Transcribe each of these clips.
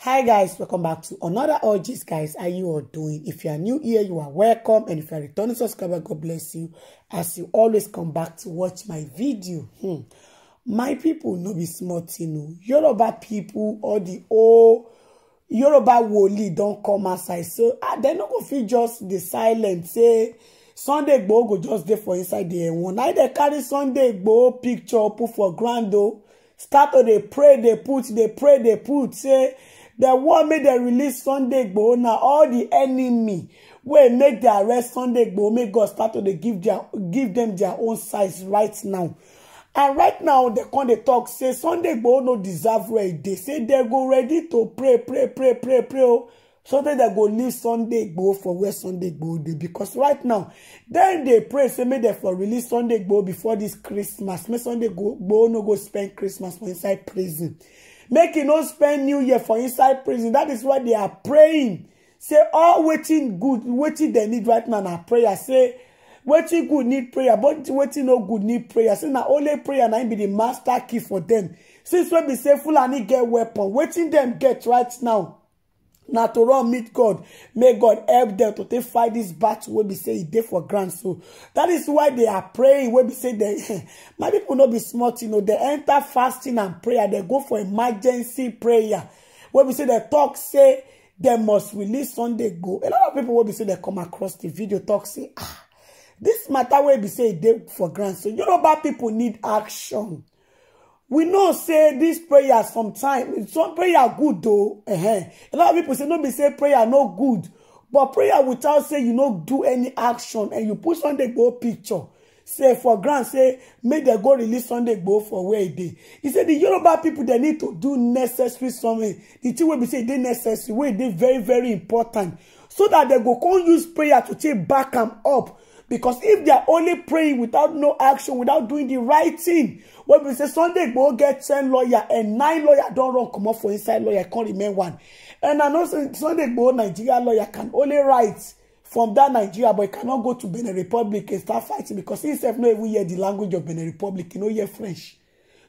hi guys welcome back to another orgies guys how you all doing if you are new here you are welcome and if you are returning subscriber god bless you as you always come back to watch my video hmm. my people no be small thing o oh. yoruba people all the whole yoruba woli don't come outside so ah dem no go feel just the silent say sunday Igboho go just dey for inside the one na they carry sunday Igboho picture put for ground o oh, start to they pray they put they pray they put say The one made they release Sunday Igboho now. All the enemy wey make they arrest Sunday Igboho, make God start to dey give their give them their own size right now. And right now, they come dey talk, say Sunday Igboho no deserve where they say they go ready to pray, pray, pray, pray, pray. Oh. Sunday they go leave Sunday Igboho for where Sunday Igboho dey because right now then they pray say make dem for release Sunday Igboho before this Christmas make Sunday Igboho no go spend Christmas inside prison make e no spend new year for inside prison That is why they are praying say all waiting good waiting they need right now na prayer say waiting good need prayer but waiting no good need prayer say na only prayer na be the master key for them. since wey be say fulani get weapon Waiting them get right now na to run meet god May god help them to take fight dis battle wey be say e dey for ground so that is why they are praying wey be say they. my people no be small you know they enter fasting and prayer They go for emergency prayer wey be say they talk say they must release sunday go a lot of people wey be say they come across the video talk say ah this matter wey be say e dey for ground so yoruba people need action we know say dis prayer sometimes some prayer good though. uh-huh. a lot of people say no be say prayer no good but prayer without say you no do any action and you put sunday go picture say for grant, say may dem go release sunday go for where e dey e say di yoruba people they need to do necessary something The thing will be say they e necessary wey e very very important so that they go come use prayer to take back am up Because if they are only praying without no action, without doing the right thing, when we say Sunday go get 10 lawyer and 9 lawyer don't run come up for inside lawyer, can't remain one. And I know Sunday go Nigeria lawyer can only write from that Nigeria, but he cannot go to Benin Republic and start fighting because he himself no even hear the language of Benin Republic, he no hear French.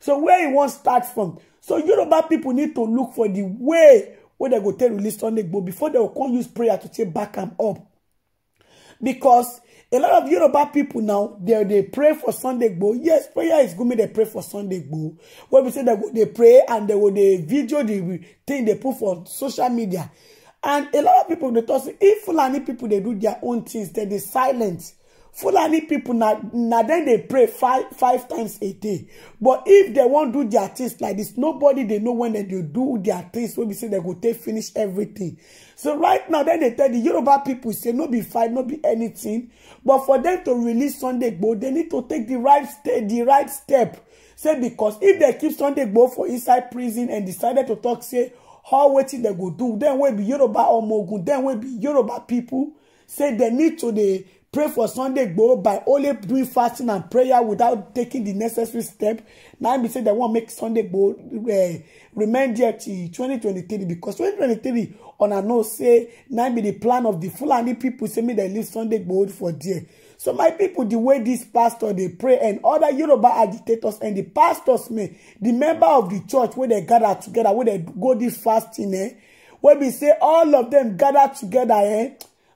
So where he won't start from. So Yoruba people need to look for the way where they go tell release Sunday Igboho before they will come use prayer to take back him up. Because A lot of Yoruba people now, they, they pray for Sunday Igboho. Yes, prayer is good. Me, they pray for Sunday Igboho. When we say they, they pray and they will they video the thing they put for social media. And a lot of people, they talk, if Fulani people, they do their own things, then they silent fulani now now then they pray five five times a day but if they won't do their things like this, nobody they know when they do their things wey be say they go take finish everything. so right now then they tell the yoruba people say no be fight no be anything. but for them to release sunday gboo they need to take the right step say because if they keep sunday gboo for inside prison and decided to talk, say how wetin they go do Then wey be yoruba or omogun Then wey be yoruba people say they need to the pray for Sunday Igboho by only doing fasting and prayer without taking the necessary step na be say dem wan make Sunday Igboho uh, remain there till 2023 because 2023 una know say na be the plan of the Fulani people say make dem leave Sunday Igboho for there so my people the way this pastor dey pray and other Yoruba agitators and the pastors may the member of the church wey dey gather together wey dey go this fasting eh wey be say all of them gather together eh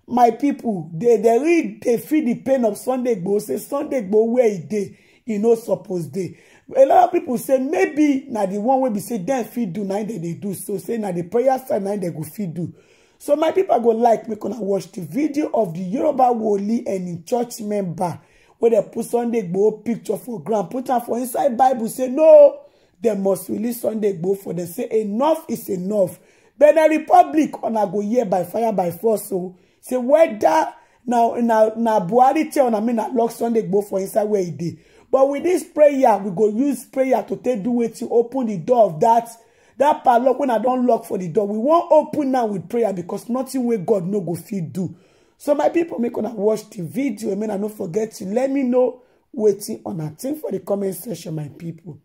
my people, they they really they feel the pain of sunday gboo say sunday gboo where e dey e no suppose dey a lot of people say maybe now the one wey be say then fit do na im dem do so say now the prayer side na they go fit do so my people go like make una watch the video of the yoruba woli and in church member where they put sunday gboo picture for ground put her for inside bible say no they must release sunday gboo for them say enough is enough Then benin republic una go hear by fire by force so say whether na na buhari tell na me na lock sunday go for inside where he did, but with this prayer we go use prayer to take do to open the door of that that padlock when i don't lock for the door we won't open now with prayer because nothing where god no go fit do so my people make una watch the video and i no forget to let me know waiting on a thing for the comment section my people.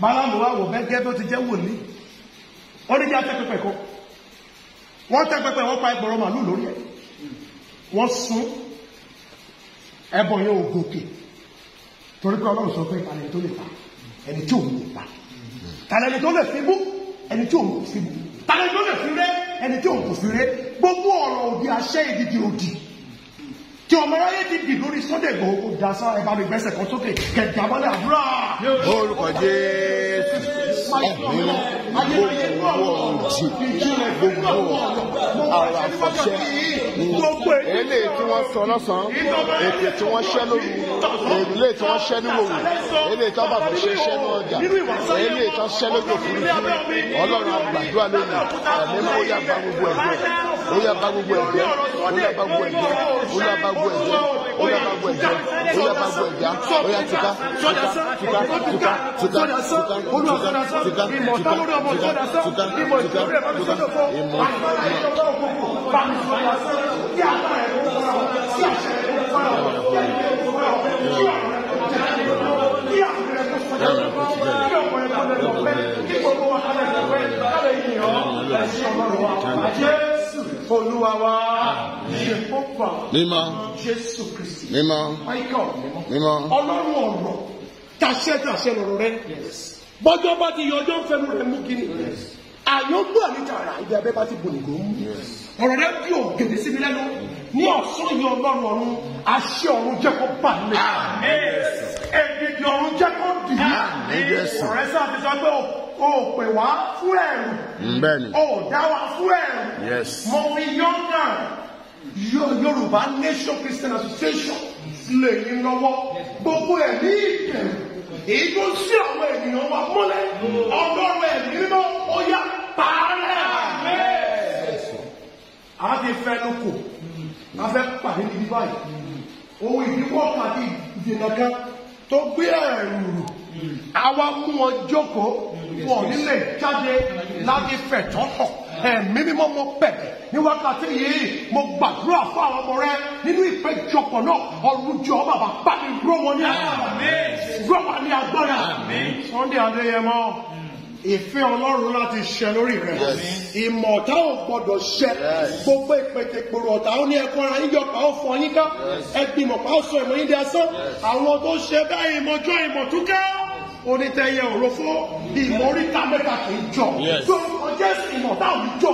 malamuwa wo bẹ́ẹ̀ gẹ́gẹ́ tó ti jẹ́ wòlíì wọ́n wọ́n tẹ́ pẹpẹ wọ́n pa ẹgbọ̀rọ̀ màálù lórí ẹ̀ wọ́n sún ẹbọ yẹn ò gòkè torí pé ọlọ́run sọ pé ẹni tó lè pa ẹni tí òun lè pa tàlẹ́ni tó lè fibú ẹni tí òun kò fibú tàlẹ́ni tó lè fire ẹni tí òun kò fire gbogbo ọ̀rọ̀ òdi àṣẹ ìdìdì òdì tí ọmọ aráyé dìdì lórí Sunday Igboho dasa bá mi gbẹ́sẹ̀ kan sókè kẹ̀kẹ́ abọ́lé àdúrà ẹ̀mímọ́ gbogbo ọ̀dì gbogbo àwọn àfọ̀ṣẹ́ èlé tí wọ́n sọ lọ́sàn-án ètè tí wọ́n ṣẹ́ lóru èlé tí wọ́n ṣẹ́ níwòwò èlé tí wọ́n bá fọ̀ ṣe ṣẹ́ ní ọjà èlé tí wọ́n ṣẹ́ lójú òfurufú ọlọ́run àgbàdo àlónìí ẹ̀mímọ́ ó yá gba gbogbo ẹ̀gbẹ́ ó yá bá gbogbo Yeah olúwa wa ṣe púpọ̀ mímọ́ jésù kristi mímọ́ michael mímọ́ ọlọ́run ọ̀rọ̀ tàṣẹ tàṣẹ lọ̀rọ̀ rẹ bọ́jọ́ bá ti yọjọ́ fẹnu rẹ mú kí ni àyọ̀gbọ́ àníta ara ibi abẹ́ bá ti bò nìgò mú ọ̀rọ̀ rẹ bí ògèdè sí mi lẹ́nu ní ọ̀sán yìí ọlọ́run ọ̀run àṣẹ ọ̀run jẹ́ kó bà mí. Fi ọ̀run jẹ́ kó dì í. Ah, Ọ̀rẹ́ sáà ti sọ pé o pè wá fún ẹ̀rù. Mm, o dá wa fún ẹ̀rù. Mo fi yọ̀ǹda Yorùbá Nation Christian Association lè ní lọ́wọ́. Gbogbo ẹ̀ ní ìbẹ̀rù. Èyí tó ń sí àwọn ènìyàn wa mọ́lẹ̀. Ọgọ́rùn-ún ẹ̀mí mímọ́ ó yá pààrẹ̀. A ti fẹnu kò. A fẹ́ pàdé níbi báyìí. Ohun ìdíwọ́ pàdé ìdènà kan tó gbé ẹ̀rù àwa mú wọn jókòó wọn ò ní lè jáde láti fẹ̀tọ́ hàn ẹ̀mí mímọ́ mo bẹ̀rẹ̀ ní wákàtí yìí mo gbàdúrà fún àwọn ọmọ rẹ nínú ìpéjọpọ̀ náà ọlùjọ bàbá bá mi rọ wọn ní agbára rọ wọn ní agbára Sunday Adéyẹmọ ìfẹ́ ọlọ́run láti ṣẹ lórí rẹ̀ ìmọ̀ ọ̀tá ò gbọdọ̀ ṣẹ gbogbo ìpètèpòrò ọ̀tá ó ní ẹ̀kọ́ ara yín yọpa ó fọ yín ká ẹgbìmọ̀ pa ó sọ ìmọ̀ yín di asán àwọn tó ṣe bẹ́ẹ̀ ìmọ̀jọ́ ìmọ̀túká onítẹ̀yẹ òròfó ìmọ̀ oríta mẹ́ta kì í jọ tó ọjọ́ ìmọ̀ táwọn jọ